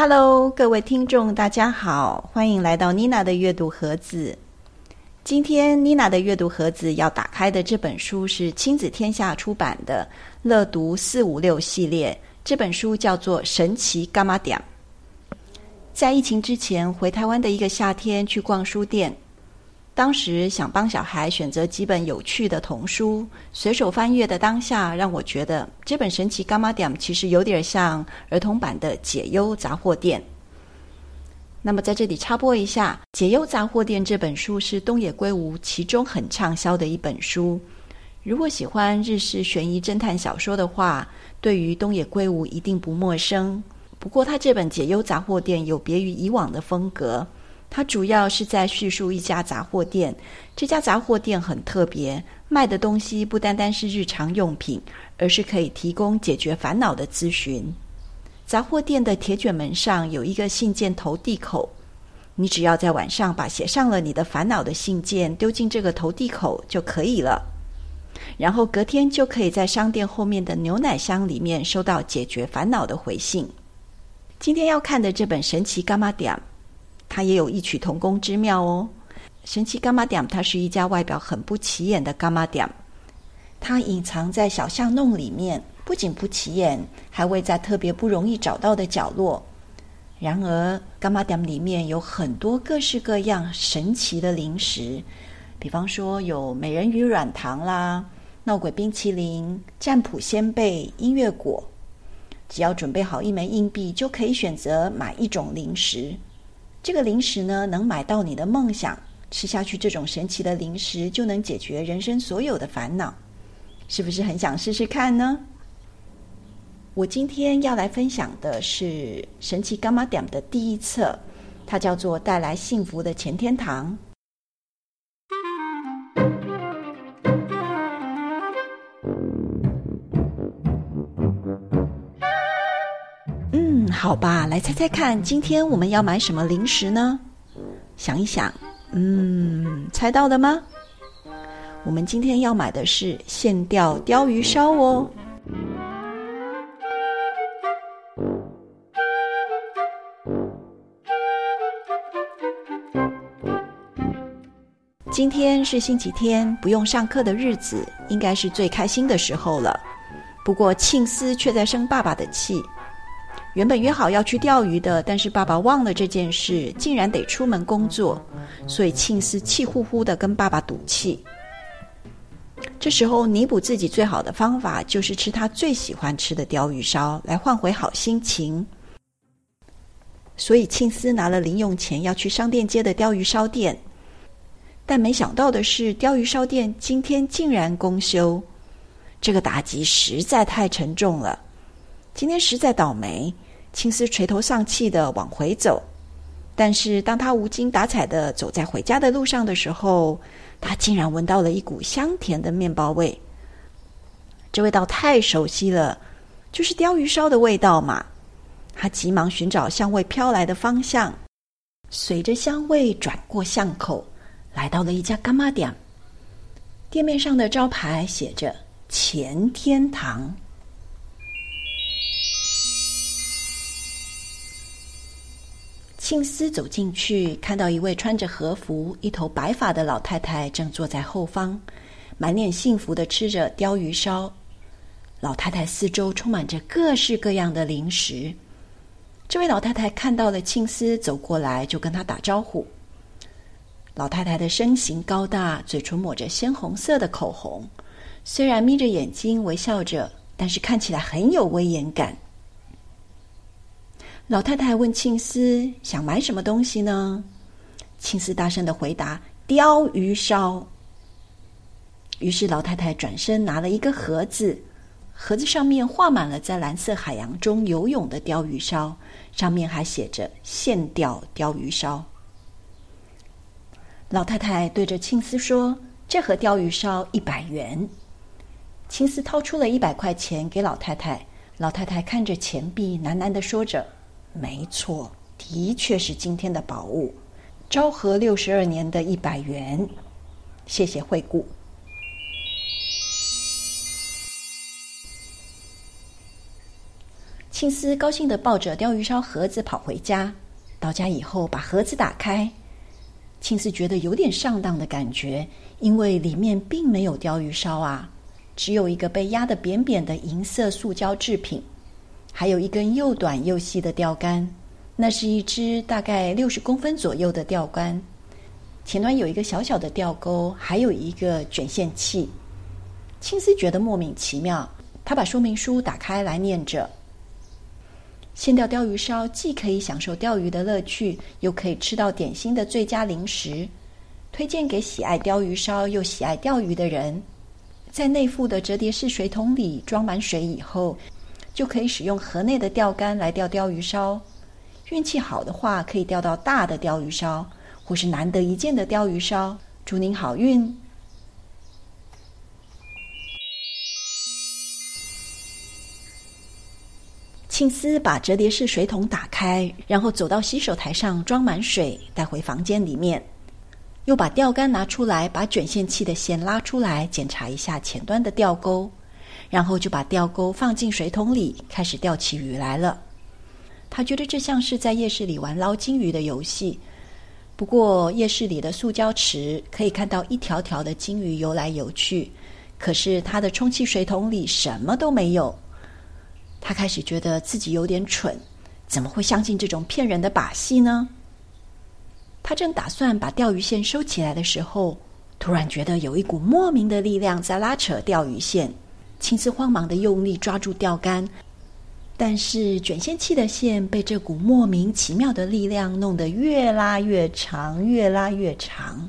哈嘍，Hello, 各位聽眾，大家好，歡迎來到妮娜的閱讀盒子。今天妮娜的閱讀盒子要打開的這本書是親子天下出版的《樂讀四五六》系列，這本書叫做《神奇柑仔店》。在疫情之前，回台灣的一個夏天，去逛書店。當時想幫小孩選擇幾本有趣的童書，隨手翻閱的當下，讓我覺得這本《神奇柑仔店》其實有點像兒童版的《解憂雜貨店》。那麼在這裡插播一下，《解憂雜貨店》這本書是東野圭吾其中很暢銷的一本書。如果喜歡日式懸疑偵探小說的話，對於東野圭吾一定不陌生。不過他這本《解憂雜貨店》有別於以往的風格。它主要是在敘述一家雜貨店。這家雜貨店很特別，賣的東西不單單是日常用品，而是可以提供解決煩惱的諮詢。雜貨店的鐵捲門上有一個信件投遞口，你只要在晚上把寫上了你的煩惱的信件丟進這個投遞口就可以了，然後隔天就可以在商店後面的牛奶箱裡面收到解決煩惱的回信。今天要看的這本《神奇柑仔店》。它也有異曲同工之妙哦！神奇柑仔店，它是一家外表很不起眼的柑仔店，它隱藏在小巷弄裡面，不僅不起眼，還位在特別不容易找到的角落。然而，柑仔店裡面有很多各式各樣神奇的零食，比方說有美人魚軟糖啦、鬧鬼冰淇淋、佔卜仙貝、音樂果。只要準備好一枚硬幣，就可以選擇買一種零食。這個零食呢，能買到你的夢想，吃下去這種神奇的零食就能解決人生所有的煩惱，是不是很想試試看呢？我今天要來分享的是《神奇柑仔店》的第一冊，它叫做《帶來幸福的錢天堂》。好吧，來猜猜看，今天我們要買什麼零食呢？想一想，嗯，猜到了嗎？我們今天要買的是現釣鯛魚燒哦。今天是星期天，不用上課的日子，應該是最開心的時候了。不過慶司卻在生爸爸的氣。原本約好要去釣魚的，但是爸爸忘了這件事，竟然得出門工作，所以慶司氣呼呼的跟爸爸賭氣。這時候彌補自己最好的方法，就是吃他最喜歡吃的鯛魚燒來換回好心情。所以慶司拿了零用錢要去商店街的鯛魚燒店，但沒想到的是，鯛魚燒店今天竟然公休，這個打擊實在太沉重了。今天實在倒霉。青絲垂頭喪氣的往回走，但是當他無精打采的走在回家的路上的時候，他竟然聞到了一股香甜的麵包味。這味道太熟悉了，就是鯛魚燒的味道嘛！他急忙尋找香味飄來的方向，隨着香味轉過巷口，來到了一家柑仔店。店面上的招牌寫着“錢天堂”。慶絲走進去，看到一位穿着和服、一頭白髮的老太太正坐在後方，滿臉幸福地吃着鯛魚燒。老太太四周充滿着各式各樣的零食。這位老太太看到了慶絲走過來，就跟他打招呼。老太太的身形高大，嘴唇抹着鮮紅色的口紅，雖然眯着眼睛微笑着，但是看起來很有威嚴感。老太太問慶斯：“想買什麼東西呢？”慶斯大聲的回答：“鯛魚燒。”於是老太太轉身拿了一個盒子，盒子上面畫滿了在藍色海洋中游泳的鯛魚燒，上面還寫着“現釣鯛魚燒”。老太太對着慶斯說：“這盒鯛魚燒一百元。”慶斯掏出了一百塊錢給老太太，老太太看着錢幣，喃喃的說着。沒錯，的確是今天的寶物，昭和六十二年的一百元，謝謝惠顧。慶司高興地抱着鯛魚燒盒子跑回家，到家以後把盒子打開，慶司覺得有點上當的感覺，因為裡面並沒有鯛魚燒啊，只有一個被壓得扁扁的銀色塑膠製品。還有一根又短又細的釣竿，那是一只大概六十公分左右的釣竿，前端有一個小小的釣鈎，還有一個卷線器。青絲覺得莫名其妙，他把說明書打開來念着：現釣鲷魚燒，既可以享受釣魚的樂趣，又可以吃到點心的最佳零食，推薦給喜愛鲷魚燒又喜愛釣魚的人。在內附的折疊式水桶裡裝滿水以後。就可以使用盒內的釣竿來釣鯛魚燒，運氣好的話可以釣到大的鯛魚燒，或是難得一見的鯛魚燒。祝您好運！慶斯把折疊式水桶打開，然後走到洗手台上裝滿水，帶回房間裡面，又把釣竿拿出來，把捲線器的線拉出來，檢查一下前端的釣鈎。然後就把釣鈎放進水桶裡，開始釣起魚來了。他覺得這像是在夜市裡玩撈金魚的遊戲。不過夜市裡的塑膠池可以看到一條條的金魚遊來游去，可是他的充氣水桶裡什麼都沒有。他開始覺得自己有點蠢，怎麼會相信這種騙人的把戲呢？他正打算把釣魚線收起來的時候，突然覺得有一股莫名的力量在拉扯釣魚線。青絲慌忙的用力抓住釣竿，但是捲線器的線被這股莫名其妙的力量弄得越拉越長，越拉越長。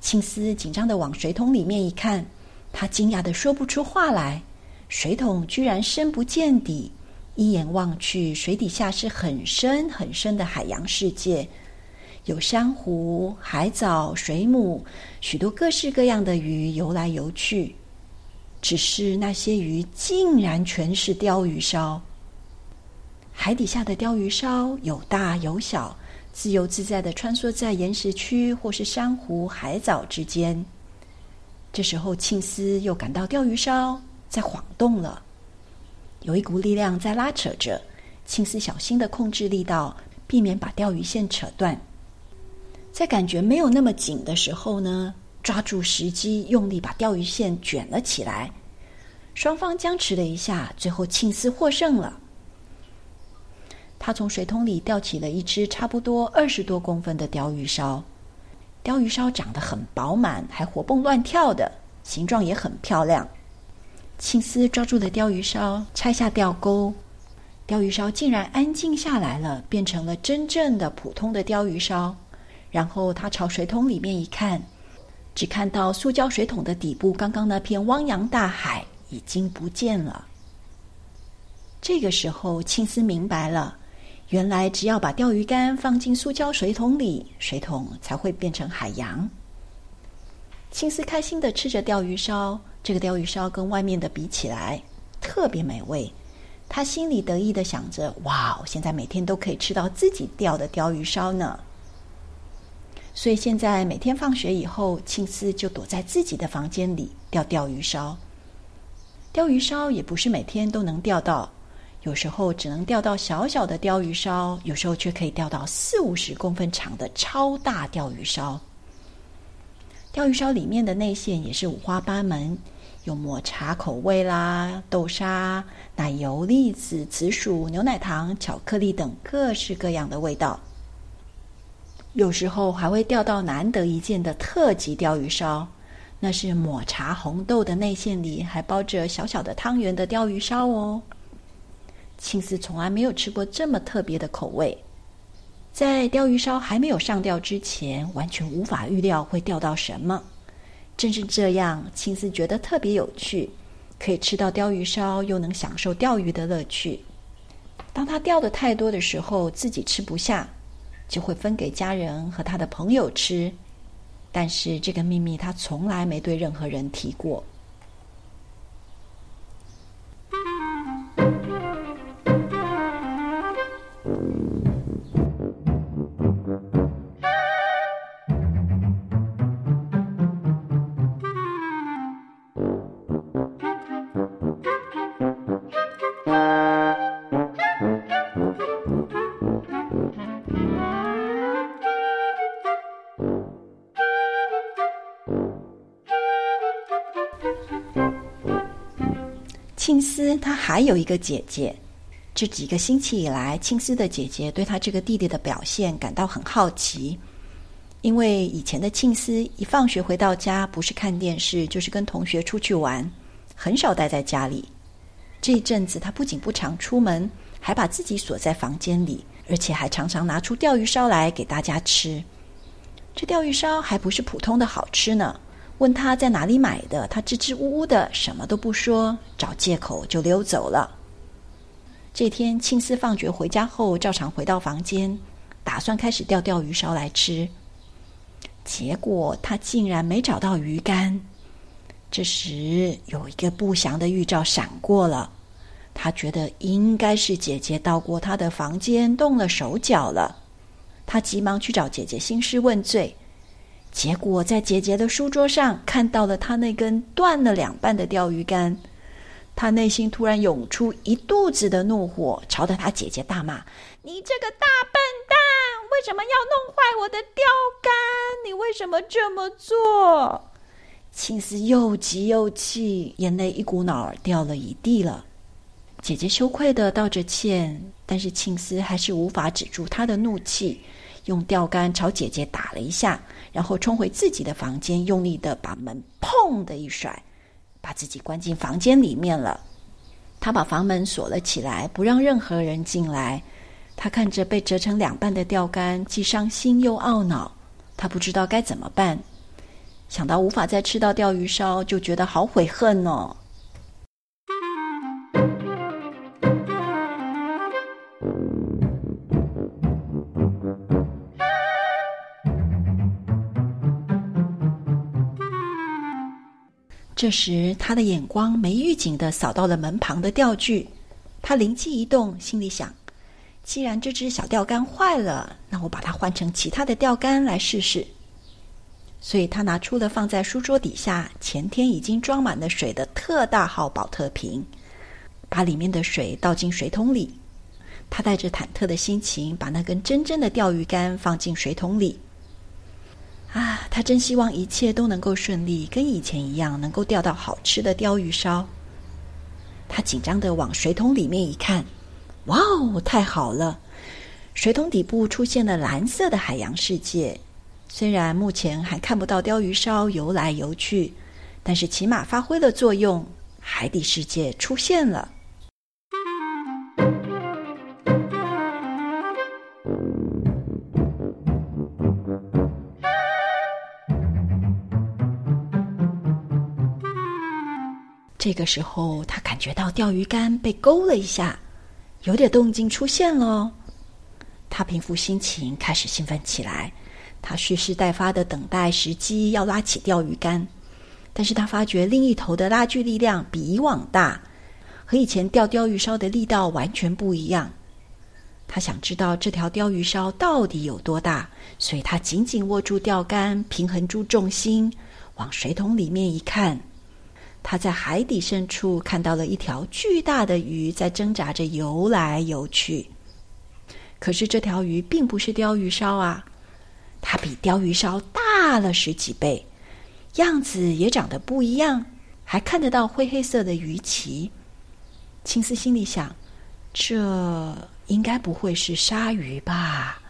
青絲緊張的往水桶裡面一看，他驚訝的說不出話來。水桶居然深不見底，一眼望去，水底下是很深很深的海洋世界，有珊瑚、海藻、水母，許多各式各樣的魚游來游去。只是那些魚竟然全是鯛魚燒，海底下的鯛魚燒有大有小，自由自在的穿梭在岩石區或是珊瑚海藻之間。這時候，慶司又感到鯛魚燒在晃動了，有一股力量在拉扯着。慶司小心的控制力道，避免把鯛魚線扯斷。在感覺沒有那麼緊的時候呢，抓住時機，用力把釣魚線捲了起來。雙方僵持了一下，最後慶司獲勝了。他從水桶裡釣起了一隻差不多二十多公分的鯛魚燒，鯛魚燒長得很飽滿，還活蹦亂跳的，形狀也很漂亮。慶司抓住的鯛魚燒，拆下釣鈎，鯛魚燒竟然安靜下來了，變成了真正的普通的鯛魚燒。然後他朝水桶裡面一看。只看到塑膠水桶的底部，剛剛那片汪洋大海已經不見了。這個時候，青絲明白了，原來只要把釣魚竿放進塑膠水桶裡，水桶才會變成海洋。青絲開心地吃着釣魚燒，這個釣魚燒跟外面的比起來特別美味。他心裡得意地想着：“哇，我現在每天都可以吃到自己釣的釣魚燒呢。”所以現在每天放學以後，慶司就躲在自己的房間裡釣鯛魚燒。鯛魚燒也不是每天都能釣到，有時候只能釣到小小的鯛魚燒，有時候卻可以釣到四五十公分長的超大鯛魚燒。鯛魚燒裡面的內餡也是五花八門，有抹茶口味啦、豆沙、奶油、栗子、紫薯、牛奶糖、巧克力等各式各樣的味道。有時候還會釣到難得一見的特級鯛魚燒，那是抹茶紅豆的內餡裡還包着小小的湯圓的鯛魚燒哦。青絲從來沒有吃過這麼特別的口味。在鯛魚燒還沒有上釣之前，完全無法預料會釣到什麼。正是這樣，青絲覺得特別有趣，可以吃到鯛魚燒，又能享受釣魚的樂趣。當他釣的太多的時候，自己吃不下，就會分給家人和他的朋友吃，但是這個秘密他從來沒對任何人提過。他還有一個姐姐，這幾個星期以來，慶斯的姐姐對他這個弟弟的表現感到很好奇，因為以前的慶斯一放學回到家，不是看電視就是跟同學出去玩，很少待在家裡。這一陣子，他不僅不常出門，還把自己鎖在房間裡，而且還常常拿出釣魚燒來給大家吃。這釣魚燒還不是普通的好吃呢。問他在哪裡買的，他支支吾吾的，什麼都不說，找借口就溜走了。這天青絲放學回家後，照常回到房間，打算開始釣鯛魚燒來吃。結果他竟然沒找到魚竿。這時有一個不祥的預兆閃過了，他覺得應該是姐姐到過他的房間動了手腳了。他急忙去找姐姐興師問罪。結果在姐姐的書桌上看到了她那根斷了兩半的釣魚竿，她內心突然湧出一肚子的怒火，朝着她姐姐大罵：“你這個大笨蛋，為什麼要弄壞我的釣竿？你為什麼這麼做？”慶絲又急又氣，眼淚一股腦兒掉了一地了。姐姐羞愧地道着歉，但是慶絲還是無法止住她的怒氣。用釣竿朝姐姐打了一下，然後衝回自己的房間，用力地把門砰的一甩，把自己關進房間裡面了。他把房門鎖了起來，不讓任何人進來。他看着被折成兩半的釣竿，既傷心又懊惱。他不知道該怎麼辦，想到無法再吃到釣魚燒，就覺得好悔恨哦。這時，他的眼光沒預警的掃到了門旁的釣具，他靈機一動，心裡想：既然這隻小釣竿壞了，那我把它換成其他的釣竿來試試。所以他拿出了放在書桌底下前天已經裝滿了水的特大號寶特瓶，把裡面的水倒進水桶裡。他帶着忐忑的心情，把那根真正的釣魚竿放進水桶裡。啊，他真希望一切都能夠順利，跟以前一樣能夠釣到好吃的鯛魚燒。他緊張的往水桶裡面一看，哇哦，太好了！水桶底部出現了藍色的海洋世界，雖然目前還看不到鯛魚燒游來游去，但是起碼發揮了作用，海底世界出現了。這個時候，他感覺到釣魚竿被勾了一下，有點動靜出現了。他平復心情，開始興奮起來。他蓄勢待發的等待時機，要拉起釣魚竿。但是他發覺另一頭的拉鋸力量比以往大，和以前釣鯛魚燒的力道完全不一樣。他想知道這條鯛魚燒到底有多大，所以他緊緊握住釣竿，平衡住重心，往水桶裡面一看。他在海底深處看到了一條巨大的魚在掙扎着游來游去，可是這條魚並不是鯛魚燒啊，它比鯛魚燒大了十幾倍，樣子也長得不一樣，還看得到灰黑色的魚鰭。青絲心裡想：這應該不會是鯊魚吧？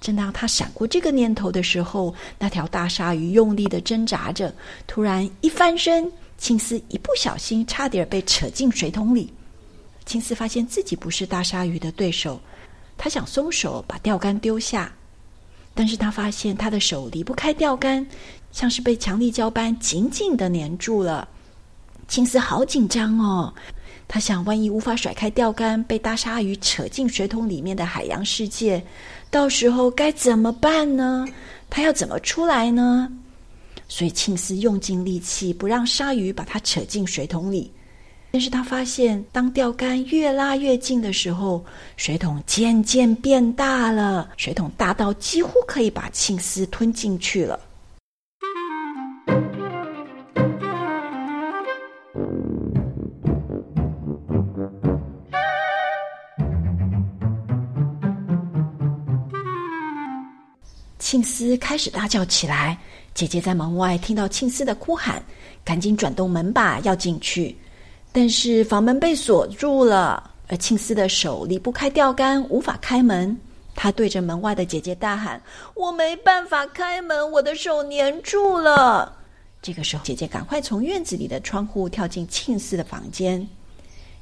正當他閃過這個念頭的時候，那條大鯊魚用力的掙扎着，突然一翻身。青絲一不小心，差點被扯進水桶裡。青絲發現自己不是大鯊魚的對手，他想鬆手把釣竿丟下，但是他發現他的手離不開釣竿，像是被強力膠般緊緊的粘住了。青絲好緊張哦，他想，萬一無法甩開釣竿，被大鯊魚扯進水桶裡面的海洋世界，到時候該怎麼辦呢？他要怎麼出來呢？所以，慶斯用盡力氣不讓鯊魚把它扯進水桶裡。但是他發現，當釣竿越拉越近的時候，水桶漸漸變大了。水桶大到幾乎可以把慶斯吞進去了。慶斯開始大叫起來。姐姐在門外聽到慶斯的哭喊，趕緊轉動門把要進去，但是房門被鎖住了。而慶斯的手離不開釣竿，無法開門。他對着門外的姐姐大喊：“我沒辦法開門，我的手粘住了。”這個時候，姐姐趕快從院子裡的窗戶跳進慶斯的房間。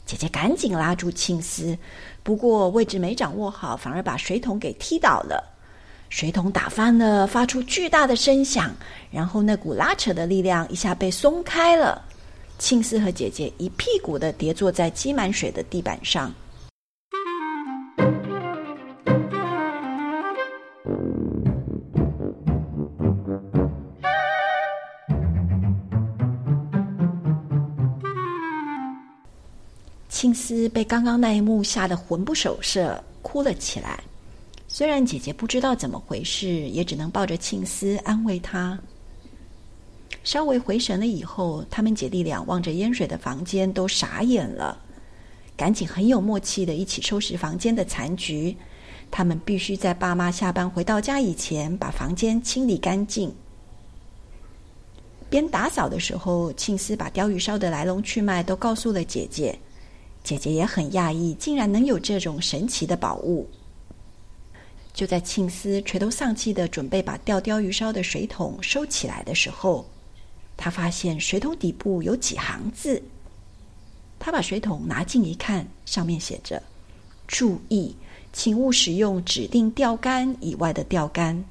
姐姐趕緊拉住慶斯，不過位置沒掌握好，反而把水桶給踢倒了。水桶打翻了，發出巨大的聲響，然後那股拉扯的力量一下被鬆開了，青絲和姐姐一屁股的跌坐在積滿水的地板上。青絲被剛剛那一幕嚇得魂不守舍，哭了起來。雖然姐姐不知道怎麼回事，也只能抱着慶斯安慰他。稍微回神了以後，他們姐弟倆望着淹水的房間都傻眼了，趕緊很有默契的一起收拾房間的殘局。他們必須在爸媽下班回到家以前把房間清理乾淨。邊打掃的時候，慶斯把鯛魚燒的來龍去脈都告訴了姐姐，姐姐也很訝異，竟然能有這種神奇的寶物。就在慶斯垂頭喪氣的準備把釣鯛魚燒的水桶收起來的時候，他發現水桶底部有幾行字。他把水桶拿近一看，上面寫着：“注意，請勿使用指定釣竿以外的釣竿。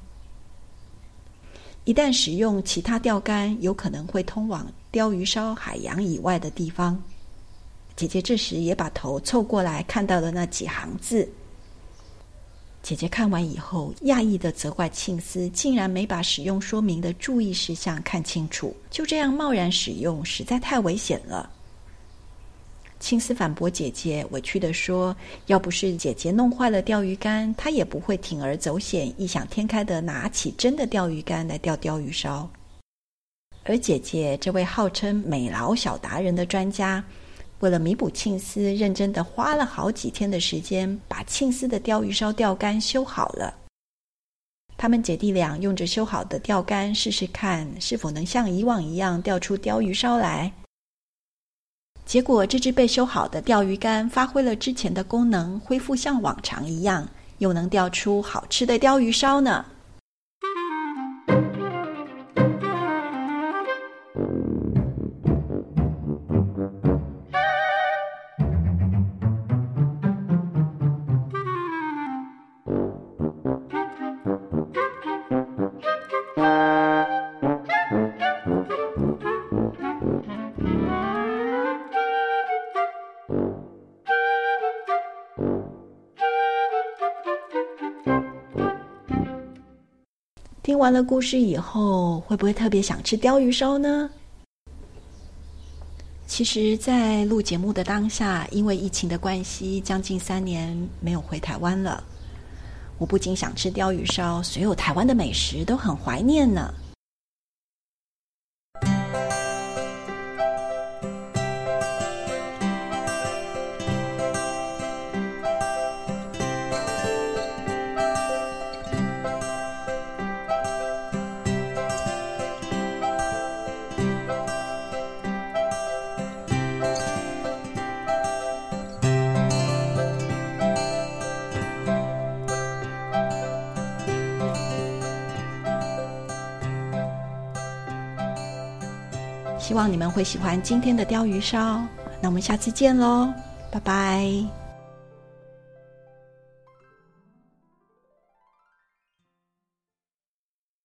一旦使用其他釣竿，有可能會通往鯛魚燒海洋以外的地方。”姐姐這時也把頭湊過來看到了那幾行字。姐姐看完以後，訝異的責怪慶司，竟然沒把使用說明的注意事項看清楚，就這樣貿然使用，實在太危險了。慶司反駁姐姐，委屈地說：“要不是姐姐弄壞了釣魚竿，他也不會鋌而走險，異想天開地拿起真的釣魚竿來釣釣魚燒。”而姐姐這位號稱美勞小達人的專家。為了彌補慶絲，認真的花了好幾天的時間，把慶絲的鯛魚燒釣竿修好了。他們姐弟倆用着修好的釣竿試試看，是否能像以往一樣釣出鯛魚燒來。結果，這只被修好的釣魚竿發揮了之前的功能，恢復像往常一樣，又能釣出好吃的鯛魚燒呢。聽完了故事以後，會不會特別想吃鯛魚燒呢？其實，在錄節目的當下，因為疫情的關係，將近三年沒有回台灣了。我不僅想吃鯛魚燒，所有台灣的美食都很懷念呢。希望你們會喜歡今天的鯛魚燒，那我們下次見嘍，拜拜。